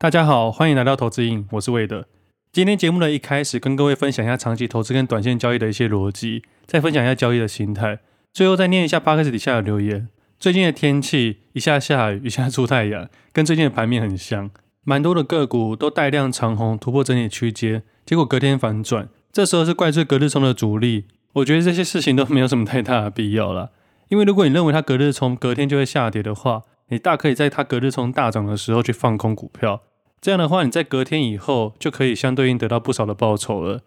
大家好，歡迎來到投資癮，我是魏德。今天節目的一開始，跟各位分享一下長期投資跟短線交易的一些邏輯，再分享一下交易的心態，最後再念一下巴克斯底下的留言。最近的天氣一下下雨一下出太陽，跟最近的盤面很像，蠻多的個股都帶量長紅，突破整理區間，結果隔天反轉，這時候是怪罪隔日沖的主力。我覺得這些事情都沒有什麼太大的必要啦，因為如果你認為它隔日沖，隔天就會下跌的話，你大可以在它隔日沖大漲的時候去放空股票。這樣的話，你在隔天以後就可以相對應得到不少的報酬了。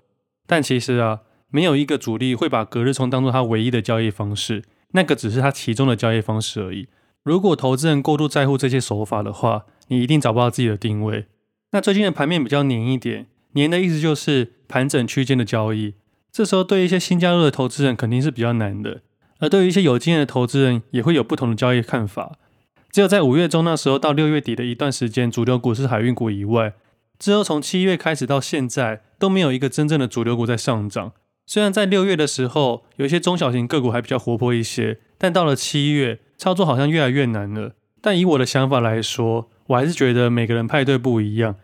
但其實啊，沒有一個主力會把隔日衝當作他唯一的交易方式，那個只是他其中的交易方式而已。如果投資人過度在乎這些手法的話，你一定找不到自己的定位。那最近的盤面比較黏一點，黏的意思就是盤整區間的交易。這時候對於一些新加入的投資人肯定是比較難的，而對於一些有經驗的投資人也會有不同的交易看法。只有在五月中那時候到六月底的一段時間，主流股是海運股以外，之後從七月開始到現在都沒有一個真正的主流股在上漲。雖然在六月的時候，有一些中小型個股還比較活潑一些，但到了七月，操作好像越來越難了。但以我的想法來說，我還是覺得每個人派對不一樣，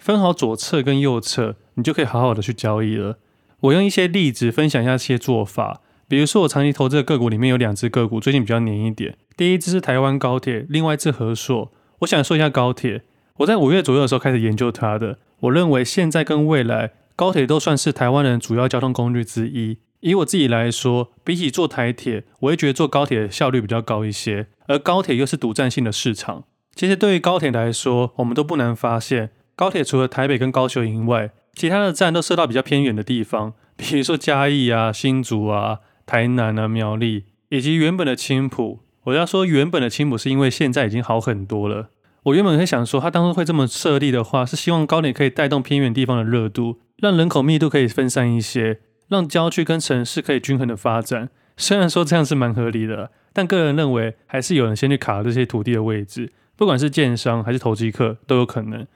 分好左側跟右側，你就可以好好的去交易了。我用一些例子分享一下這些做法，比如說我長期投資的個股裡面有兩隻個股最近比較黏一點。第一支是台灣高鐵，另外一支和碩。我想說一下高鐵。我在五月左右的時候開始研究它的。我認為現在跟未來高鐵都算是台灣人的主要交通工具之一。以我自己來說，比起坐台鐵，我會覺得坐高鐵效率比較高一些。而高鐵又是獨占性的市場。其實對於高鐵來說，我們都不難發現，高鐵除了台北跟高雄以外，其他的站都設到比較偏遠的地方，比如說嘉義啊、新竹啊、台南啊、苗栗，以及原本的青埔。我要說，原本的青埔是因為現在已經好很多了。我原本很想說，他當初會這麼設立的話，是希望高點可以帶動偏遠地方的熱度，讓人口密度可以分散一些，讓郊區跟城市可以均衡的發展。雖然說這樣是蠻合理的，但個人認為還是有人先去卡這些土地的位置，不管是建商還是投機客都有可能。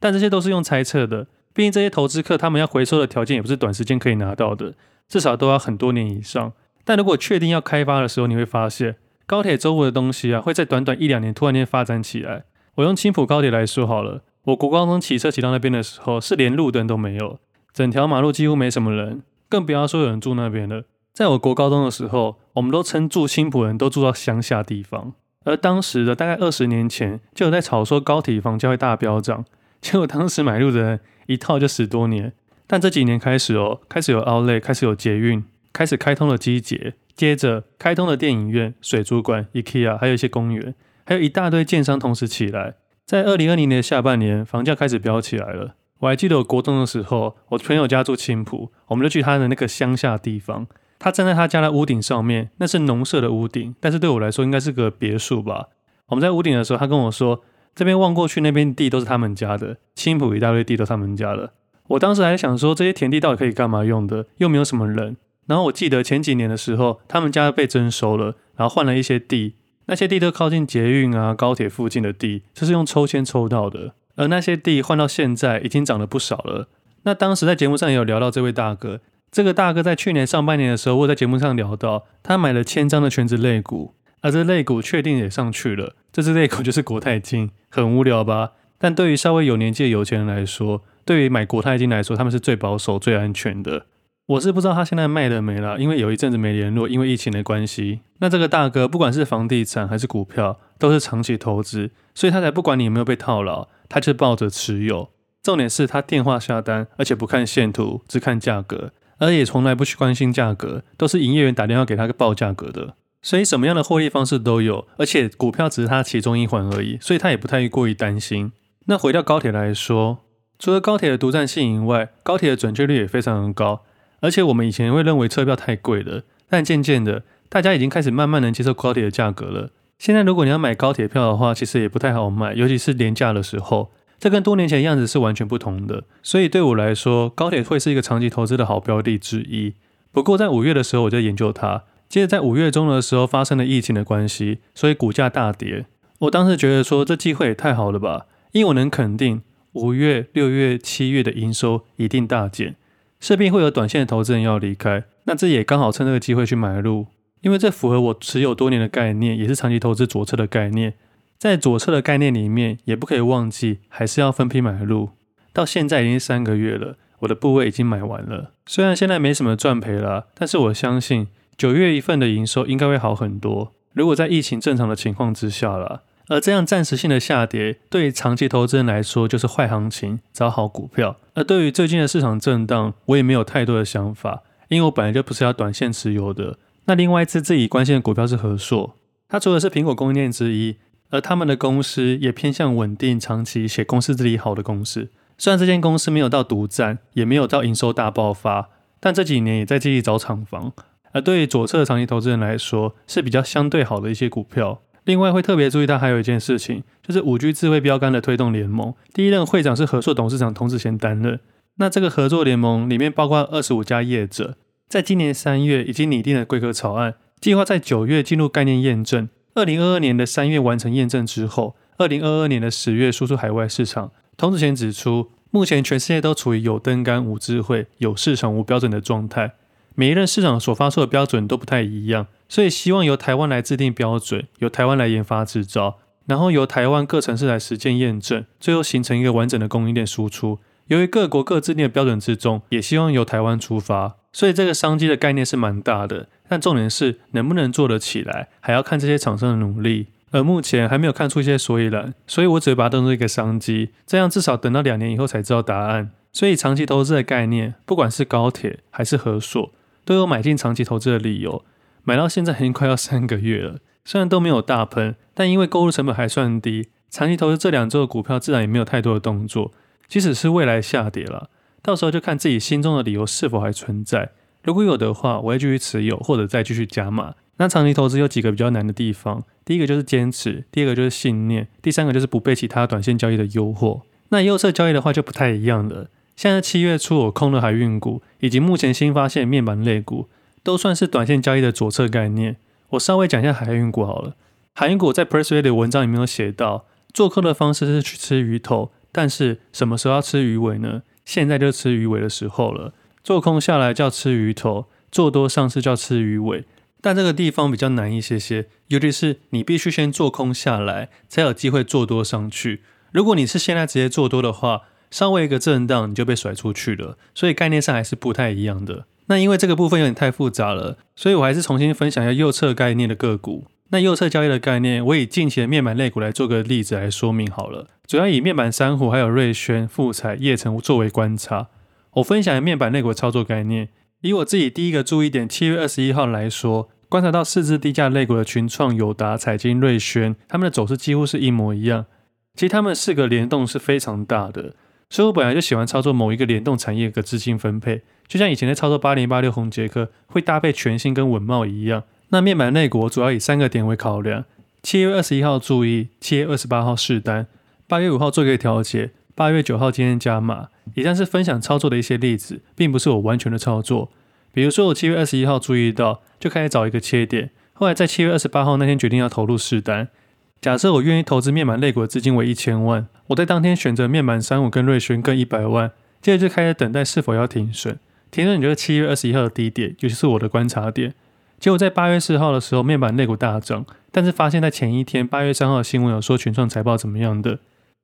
但這些都是用猜測的，畢竟這些投資客他們要回收的條件也不是短時間可以拿到的，至少都要很多年以上。但如果確定要開發的時候，你會發現。高鐵周圍的東西啊，會在短短一兩年突然間發展起來。我用青浦高鐵來說好了，我國高中騎車騎到那邊的時候，是連路燈都沒有，整條馬路幾乎沒什麼人，更不要說有人住那邊了。在我國高中的時候，我們都稱住青浦人都住到鄉下地方。而當時的大概二十年前，就有在炒說高鐵房價會大飆漲，結果當時買入的人一套就十多年。但這幾年開始哦，開始有 outlet，開始有捷運，開始開通了機捷。接着開通了電影院、水族館、IKEA，還有一些公園，還有一大堆建商同時起來，在二零二零年的下半年，房價開始飆起來了。我還記得我國中的時候，我朋友家住青浦，我們就去他的那個鄉下地方。他站在他家的屋頂上面，那是農舍的屋頂，但是對我來說應該是個別墅吧。我們在屋頂的時候，他跟我說，這邊望過去，那邊地都是他們家的，青浦一大堆地都是他們家的。我當時還想說，這些田地到底可以幹嘛用的？又沒有什麼人。然後我記得前幾年的時候，他們家被徵收了，然後換了一些地，那些地都靠近捷運啊、高鐵附近的地，這，就是用抽籤抽到的。而那些地換到現在已經漲了不少了。那當時在節目上也有聊到這位大哥，這個大哥在去年上半年的時候，我在節目上聊到他買了千張的權值類股，而這類股確定也上去了。這隻類股就是國泰金，很無聊吧？但對於稍微有年紀的有錢人來說，對於買國泰金來說，他們是最保守、最安全的。我是不知道他現在賣了沒啦，因為有一陣子沒聯絡，因為疫情的關係。那這個大哥不管是房地產還是股票，都是長期投資，所以他才不管你有沒有被套牢，他就抱着持有。重點是他電話下單，而且不看線圖，只看價格，而也從來不去關心價格，都是營業員打電話給他個報價格的。所以什麼樣的獲利方式都有，而且股票只是他其中一環而已，所以他也不太過於擔心。那回到高鐵來說，除了高鐵的獨占性以外，高鐵的準確率也非常的高。而且我們以前會認為車票太貴了，但漸漸的，大家已經開始慢慢能接受高鐵的價格了。現在如果你要買高鐵票的話，其實也不太好買，尤其是年假的時候。這跟多年前的樣子是完全不同的。所以對我來說，高鐵會是一個長期投資的好標的之一。不過在五月的時候，我就研究它，接着在五月中的時候發生了疫情的關係，所以股價大跌。我當時覺得說這機會也太好了吧，因為我能肯定五月、六月、七月的營收一定大減。勢必會有短線的投資人要離開，那這也剛好趁這個機會去買入，因為這符合我持有多年的概念，也是長期投資左側的概念。在左側的概念裡面，也不可以忘記，還是要分批買入。到現在已經三個月了，我的部位已經買完了。雖然現在沒什麼賺賠啦，但是我相信九月一份的營收應該會好很多。如果在疫情正常的情況之下啦。而這樣暫時性的下跌，對於長期投資人來說就是壞行情，找好股票。而對於最近的市場震盪，我也沒有太多的想法，因為我本來就不是要短線持有的。那另外一支自己關心的股票是和碩，它除了是蘋果供應鏈之一，而他們的公司也偏向穩定、長期且公司治理好的公司。雖然這間公司沒有到獨佔，也沒有到營收大爆發，但這幾年也在積極找廠房。而對於左側的長期投資人來說，是比較相對好的一些股票。另外會特別注意到，還有一件事情，就是五 G 智慧標杆的推動聯盟，第一任會長是和碩董事長童子賢擔任。那這個合作聯盟裡面包括二十五家業者，在今年三月已經擬定了規格草案，計劃在九月進入概念驗證，二零二二年的三月完成驗證之後，二零二二年的十月輸出海外市場。童子賢指出，目前全世界都處於有燈桿、無智慧、有市場、無標準的狀態，每一任市場所發售的標準都不太一樣。所以希望由台灣來制定標準，由台灣來研發製造，然後由台灣各城市來實踐驗證，最後形成一個完整的供應鏈輸出。由於各國各自定的標準之中也希望由台灣出發，所以這個商機的概念是蠻大的。但重點是能不能做得起來，還要看這些廠商的努力。而目前還沒有看出一些所以然，所以我只會把它當作一個商機。這樣至少等到兩年以後才知道答案。所以長期投資的概念，不管是高鐵還是合所，都有買進長期投資的理由。買到現在已經快要三個月了，雖然都沒有大噴，但因為購入成本還算低，長期投資這兩隻的股票自然也沒有太多的動作。即使是未來下跌了，到時候就看自己心中的理由是否還存在。如果有的話，我會繼續持有或者再繼續加碼。那長期投資有幾個比較難的地方，第一個就是堅持，第二個就是信念，第三個就是不被其他短線交易的誘惑。那右側交易的話就不太一樣了。現在七月初我空了海運股，以及目前新發現面板類股。都算是短線交易的左側概念。我稍微講一下海運股好了。海運股在 Pressplay 的文章裡面有寫到，做空的方式是去吃魚頭，但是什麼時候要吃魚尾呢？現在就吃魚尾的時候了。做空下來叫吃魚頭，做多上市叫吃魚尾。但這個地方比較難一些些，尤其是你必須先做空下來，才有機會做多上去。如果你是現在直接做多的話，稍微一個震盪你就被甩出去了。所以概念上還是不太一樣的。那因為這個部分有點太複雜了，所以我還是重新分享一下右側概念的個股。那右側交易的概念，我以近期的面板類股來做個例子來說明好了。主要以面板三虎，還有瑞軒、富采、業成作為觀察。我分享的面板類股操作概念。以我自己第一個注意點，七月二十一號來說，觀察到四隻低價類股的群創、友達、彩晶、瑞軒，它們的走勢幾乎是一模一樣。其實他們四個聯動是非常大的。所以我本來就喜歡操作某一個聯動產業的資金分配，就像以前的操作八零八六宏捷科會搭配全新跟穩懋一樣。那面板內國主要以三個點為考量：七月二十一號注意，七月二十八號試單，八月五號做一個調節，八月九號今天加碼。以上是分享操作的一些例子，並不是我完全的操作。比如說，我七月二十一號注意到，就開始找一個切點，後來在七月二十八號那天決定要投入試單。假設我願意投資面板類股的資金為一千萬，我在當天選擇面板三五跟瑞軒各一百萬，接着就開始等待是否要停損。停損你覺得七月二十一號的低點，尤其是我的觀察點。結果在八月四號的時候，面板類股大漲，但是發現，在前一天八月三號的新聞有說群創財報怎麼樣的，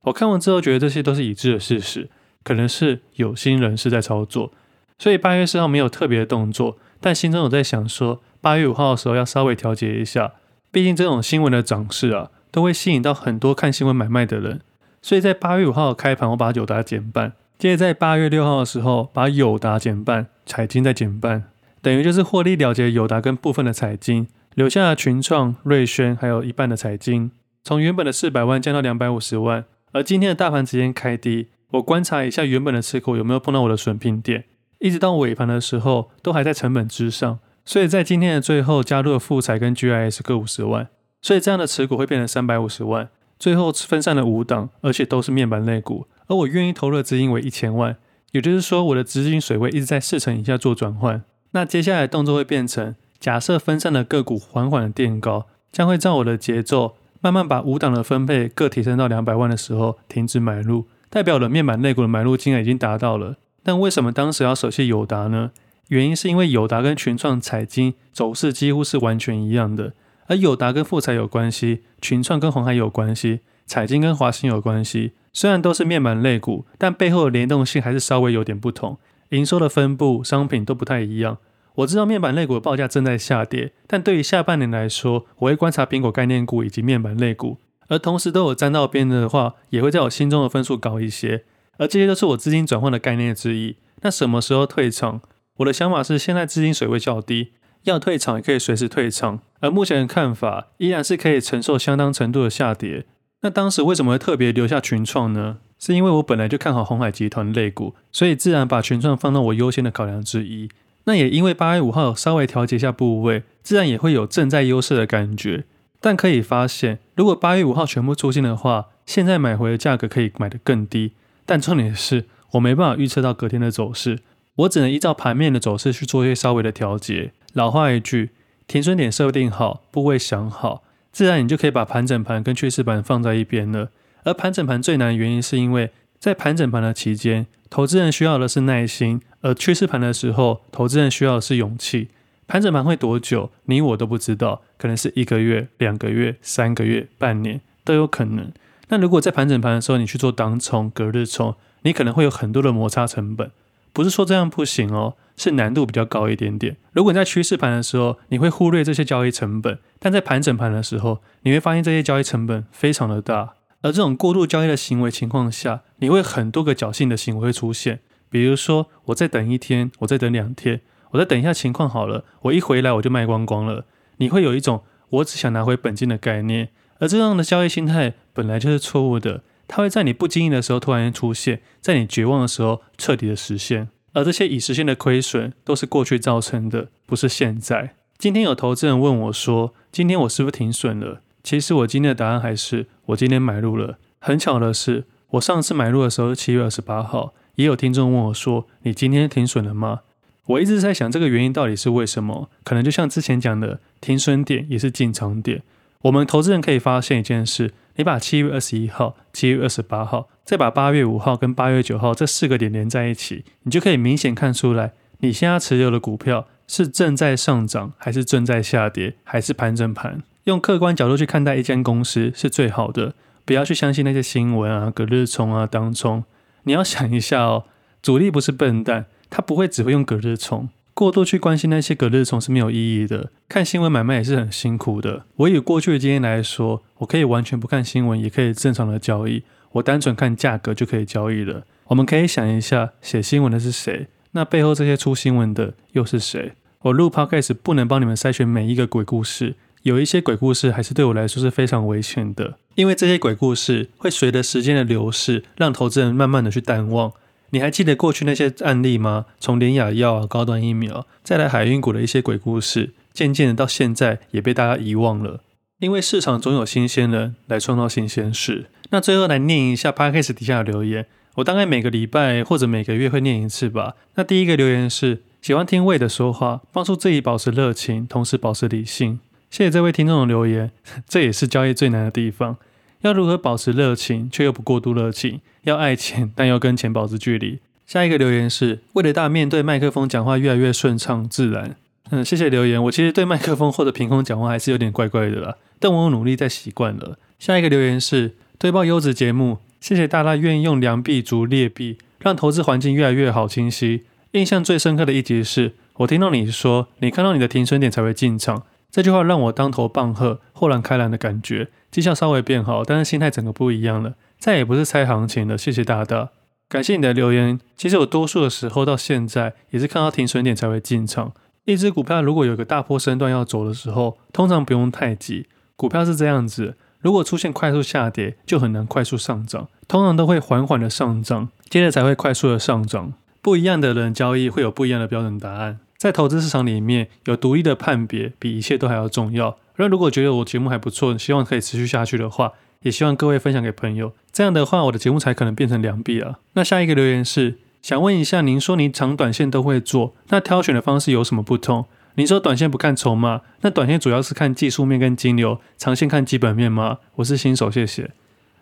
我看完之後覺得這些都是已知的事實，可能是有心人士在操作，所以八月四號沒有特別的動作，但心中有在想說，八月五號的時候要稍微調節一下，畢竟這種新聞的漲勢啊。都會吸引到很多看新聞買賣的人，所以在八月五號的開盤，我把友達減半，接着在八月六號的時候，把友達減半，彩晶再減半，等於就是獲利了結友達跟部分的彩晶，留下了群創、瑞軒，還有一半的彩晶。從原本的四百萬降到兩百五十萬。而今天的大盤直接開低，我觀察一下原本的持股有沒有碰到我的損平點，一直到尾盤的時候都還在成本之上，所以在今天的最後加入了富采跟 GIS 各五十萬。所以這樣的持股會變成三百五十萬，最後分散了五檔，而且都是面板類股。而我願意投入的資金為一千萬，也就是說我的資金水位一直在四成以下做轉換。那接下來的動作會變成：假設分散的個股緩緩的墊高，將會照我的節奏慢慢把五檔的分配各提升到兩百萬的時候停止買入，代表了面板類股的買入金額已經達到了。但為什麼當時要捨棄友達呢？原因是因為友達跟群創彩晶走勢幾乎是完全一樣的。而友達跟富采有關係，群創跟鴻海有關係，彩晶跟華新有關係。雖然都是面板類股，但背後的聯動性還是稍微有點不同，營收的分布、商品都不太一樣。我知道面板類股的報價正在下跌，但對於下半年來說，我會觀察蘋果概念股以及面板類股。而同時都有沾到邊的話，也會在我心中的分數高一些。而這些都是我資金轉換的概念之一。那什麼時候退場？我的想法是現在資金水位較低。要退場也可以隨時退場，而目前的看法依然是可以承受相當程度的下跌。那當時為什麼會特別留下群創呢？是因為我本來就看好鴻海集團的類股，所以自然把群創放到我優先的考量之一。那也因為八月五號稍微調節下部位，自然也會有正在優勢的感覺。但可以發現，如果八月五號全部出清的話，現在買回的價格可以買得更低。但重點是我沒辦法預測到隔天的走勢，我只能依照盤面的走勢去做一些稍微的調節。老話一句，停損點設定好，部位想好，自然你就可以把盤整盤跟趨勢盤放在一邊了。而盤整盤最難的原因，是因為在盤整盤的期間，投資人需要的是耐心；而趨勢盤的時候，投資人需要的是勇氣。盤整盤會多久？你我都不知道，可能是一個月、兩個月、三個月、半年都有可能。那如果在盤整盤的時候，你去做當沖、隔日沖，你可能會有很多的摩擦成本。不是說這樣不行哦。是難度比較高一點點。如果你在趨勢盤的時候，你會忽略這些交易成本；但在盤整盤的時候，你會發現這些交易成本非常的大。而這種過度交易的行為情況下，你會很多個僥倖的行為會出現。比如說，我再等一天，我再等兩天，我再等一下情況好了，我一回來我就賣光光了。你會有一種我只想拿回本金的概念。而這樣的交易心態本來就是錯誤的，它會在你不經意的時候突然間出現，在你絕望的時候徹底的實現。而這些已實現的虧損都是過去造成的，不是現在。今天有投資人問我說：“今天我是不是停損了？”其實我今天的答案還是我今天買入了。很巧的是，我上次買入的時候是七月二十八號。也有聽眾問我說：“你今天停損了嗎？”我一直在想這個原因到底是為什麼？可能就像之前講的，停損點也是進場點。我們投資人可以發現一件事：你把七月二十一號、七月二十八號。再把八月五號跟八月九號這四個點連在一起，你就可以明顯看出來，你現在持有的股票是正在上漲，還是正在下跌，還是盤整盤。用客觀角度去看待一間公司是最好的，不要去相信那些新聞啊、隔日沖啊、當沖。你要想一下哦，主力不是笨蛋，他不會只會用隔日沖。過度去關心那些隔日沖是沒有意義的。看新聞買賣也是很辛苦的。我以過去的經驗來說，我可以完全不看新聞，也可以正常的交易。我單純看價格就可以交易了。我們可以想一下，寫新聞的是誰？那背後這些出新聞的又是誰？我錄 podcast 不能幫你們篩選每一個鬼故事，有一些鬼故事還是對我來說是非常危險的，因為這些鬼故事會隨着時間的流逝，讓投資人慢慢的去淡忘。你還記得過去那些案例嗎？從聯亞藥啊、高端疫苗，再來海運股的一些鬼故事，漸漸的到現在也被大家遺忘了。因為市場總有新鮮人來創造新鮮事。那最後來念一下 Podcast 底下的留言，我大概每個禮拜或者每個月會念一次吧。那第一個留言是喜歡聽魏的說話，幫助自己保持熱情，同時保持理性。謝謝這位聽眾的留言， 這也是交易最難的地方，要如何保持熱情卻又不過度熱情？要愛錢但要跟錢保持距離。下一個留言是為了大面對麥克風講話越來越順暢自然。嗯，謝謝留言，我其實對麥克風或者憑空講話還是有點怪怪的啦，但我有努力在習慣了。下一個留言是。推爆優質節目，謝謝大大願意用良幣逐劣幣，讓投資環境越來越好。清晰，印象最深刻的一集是，我聽到你說你看到你的停損點才會進場，這句話讓我當頭棒喝，豁然開朗的感覺。績效稍微變好，但是心態整個不一樣了，再也不是猜行情了。謝謝大大，感謝你的留言。其實我多數的時候到現在也是看到停損點才會進場。一隻股票如果有一個大波升段要走的時候，通常不用太急，股票是這樣子。如果出現快速下跌，就很難快速上漲，通常都會緩緩的上漲，接着才會快速的上漲。不一樣的人交易會有不一樣的標準答案，在投資市場裡面有獨立的判別，比一切都還要重要。那如果覺得我節目還不錯，希望可以持續下去的話，也希望各位分享給朋友，這樣的話我的節目才可能變成良幣了啊。那下一個留言是，想問一下您說您長短線都會做，那挑選的方式有什麼不同？你說短線不看籌碼，那短線主要是看技術面跟金流，長線看基本面嗎？我是新手，謝謝。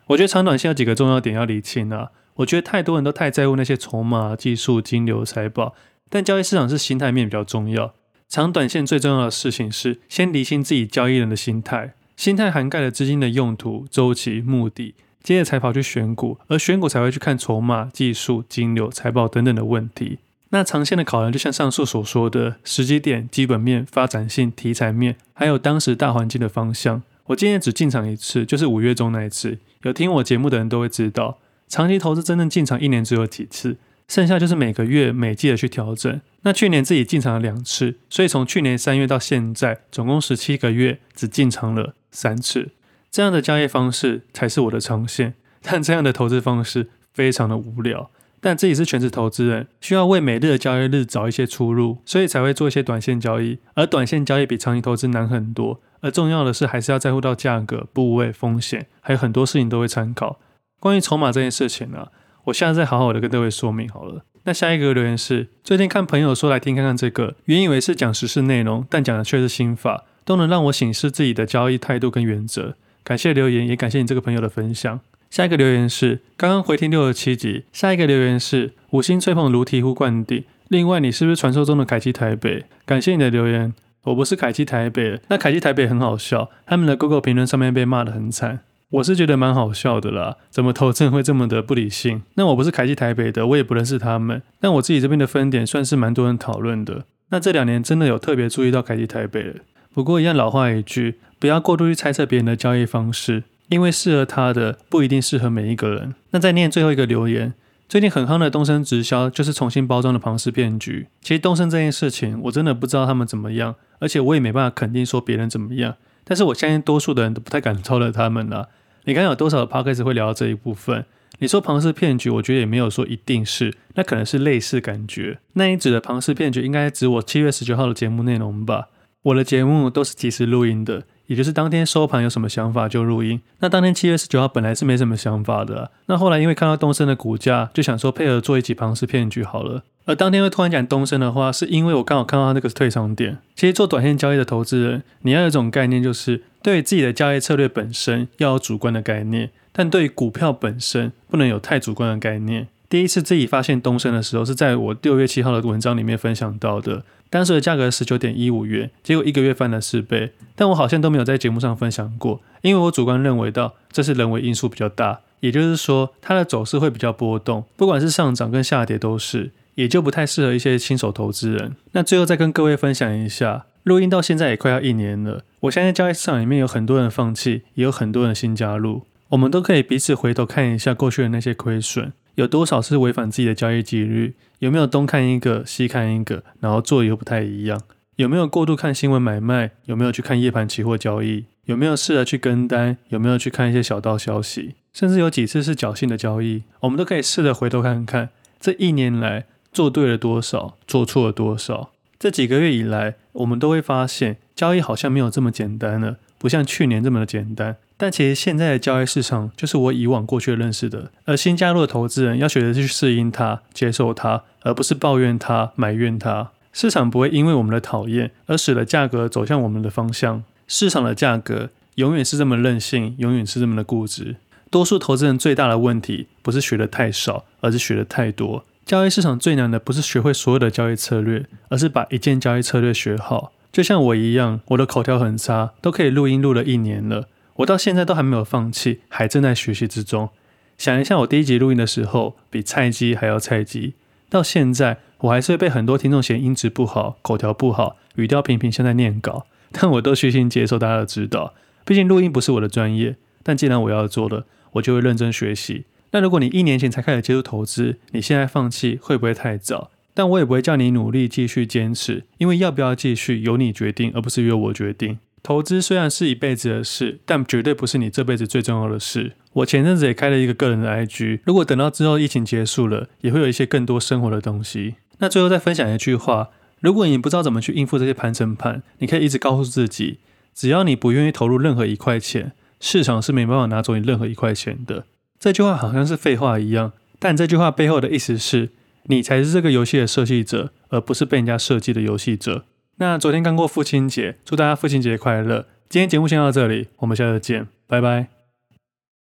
我覺得長短線有幾個重要點要理清啊。我覺得太多人都太在乎那些籌碼、技術、金流、財報，但交易市場是心態面比較重要。長短線最重要的事情是先理清自己交易人的心態，心態涵蓋了資金的用途、週期、目的，接着才跑去選股，而選股才會去看籌碼、技術、金流、財報等等的問題。那長線的考量，就像上述所說的時機點、基本面、發展性、題材面，還有當時大環境的方向。我今年只進場一次，就是五月中那一次。有聽我節目的人都會知道，長期投資真正進場一年只有幾次，剩下就是每個月每季的去調整。那去年自己進場了兩次，所以從去年三月到現在，總共十七個月只進場了三次。這樣的交易方式才是我的長線，但這樣的投資方式非常的無聊。但自己是全職投資人，需要為每日的交易日找一些出入，所以才會做一些短線交易。而短線交易比長期投資難很多，而重要的是，還是要在乎到價格、部位、風險，還有很多事情都會參考。關於籌碼這件事情呢、啊，我下次再好好的跟各位說明好了。那下一個留言是：最近看朋友說來聽看看這個，原以為是講時事內容，但講的卻是心法，都能讓我審視自己的交易態度跟原則。感謝留言，也感謝你這個朋友的分享。下一個留言是剛剛回聽六十七集。下一個留言是五星吹捧如醍醐灌頂。另外，你是不是傳說中的凱基台北？感謝你的留言。我不是凱基台北。那凱基台北很好笑，他們的 Google 評論上面被罵得很慘。我是覺得蠻好笑的啦，怎麼投資人會這麼的不理性？那我不是凱基台北的，我也不認識他們。但我自己這邊的分點算是蠻多人討論的。那這兩年真的有特別注意到凱基台北了。不過一樣老話一句，不要過度去猜測別人的交易方式。因為適合他的不一定適合每一個人。那再念最後一個留言，最近很夯的東升直銷就是重新包裝的龐氏騙局。其實東升這件事情，我真的不知道他們怎麼樣，而且我也沒辦法肯定說別人怎麼樣。但是我相信多數的人都不太敢招惹他們啦、啊、你剛有多少的 podcast 會聊到這一部分？你說龐氏騙局，我覺得也沒有說一定是，那可能是類似感覺。那你指的龐氏騙局，應該指我七月十九號的節目內容吧？我的節目都是即時錄音的。也就是當天收盤有什麼想法就錄音。那當天七月十九號本來是沒什麼想法的啊，那後來因為看到東升的股價，就想說配合做一起龐氏騙局好了。而當天會突然講東升的話，是因為我剛好看到他那個退場點。其實做短線交易的投資人，你要有一種概念，就是對於自己的交易策略本身要有主觀的概念，但對於股票本身不能有太主觀的概念。第一次自己發現東升的時候，是在我六月七號的文章裡面分享到的。當時的價格十九點一五元，結果一個月翻了四倍，但我好像都沒有在節目上分享過，因為我主觀認為到這是人為因素比較大，也就是說它的走勢會比較波動，不管是上漲跟下跌都是，也就不太適合一些新手投資人。那最後再跟各位分享一下，錄音到現在也快要一年了，我相信交易市場裡面有很多人放棄，也有很多人新加入，我們都可以彼此回頭看一下過去的那些虧損，有多少是違反自己的交易紀律。有沒有東看一個，西看一個，然後做又不太一樣？有沒有過度看新聞買賣？有沒有去看夜盤期貨交易？有沒有試着去跟單？有沒有去看一些小道消息？甚至有幾次是僥幸的交易，我們都可以試着回頭看看，這一年來做對了多少，做錯了多少？這幾個月以來，我們都會發現，交易好像沒有這麼簡單了，不像去年這麼的簡單。但其實現在的交易市場就是我以往過去認識的，而新加入的投資人要學的是去適應它、接受它，而不是抱怨它、埋怨它。市場不會因為我們的討厭而使得價格走向我們的方向。市場的價格永遠是這麼任性，永遠是這麼的固執。多數投資人最大的問題不是學得太少，而是學得太多。交易市場最難的不是學會所有的交易策略，而是把一件交易策略學好。就像我一樣，我的口條很差，都可以錄音錄了一年了。我到現在都還沒有放棄，還正在學習之中。想一下，我第一集錄音的時候比菜雞還要菜雞，到現在我還是會被很多聽眾嫌音質不好、口條不好、語調平平，像在念稿。但我都虛心接受大家的指導，畢竟錄音不是我的專業。但既然我要做了，我就會認真學習。那如果你一年前才開始接觸投資，你現在放棄會不會太早？但我也不會叫你努力繼續堅持，因為要不要繼續由你決定，而不是由我決定。投資雖然是一輩子的事，但絕對不是你這輩子最重要的事。我前陣子也開了一個個人的 IG，如果等到之後疫情結束了，也會有一些更多生活的東西。那最後再分享一句話，如果你不知道怎麼去應付這些盤整盤，你可以一直告訴自己，只要你不願意投入任何一塊錢，市場是沒辦法拿走你任何一塊錢的。這句話好像是廢話一樣，但這句話背後的意思是你才是這個遊戲的設計者，而不是被人家設計的遊戲者。那昨天剛過父親節，祝大家父親節快樂！今天節目先到這裡，我們下次見，拜拜。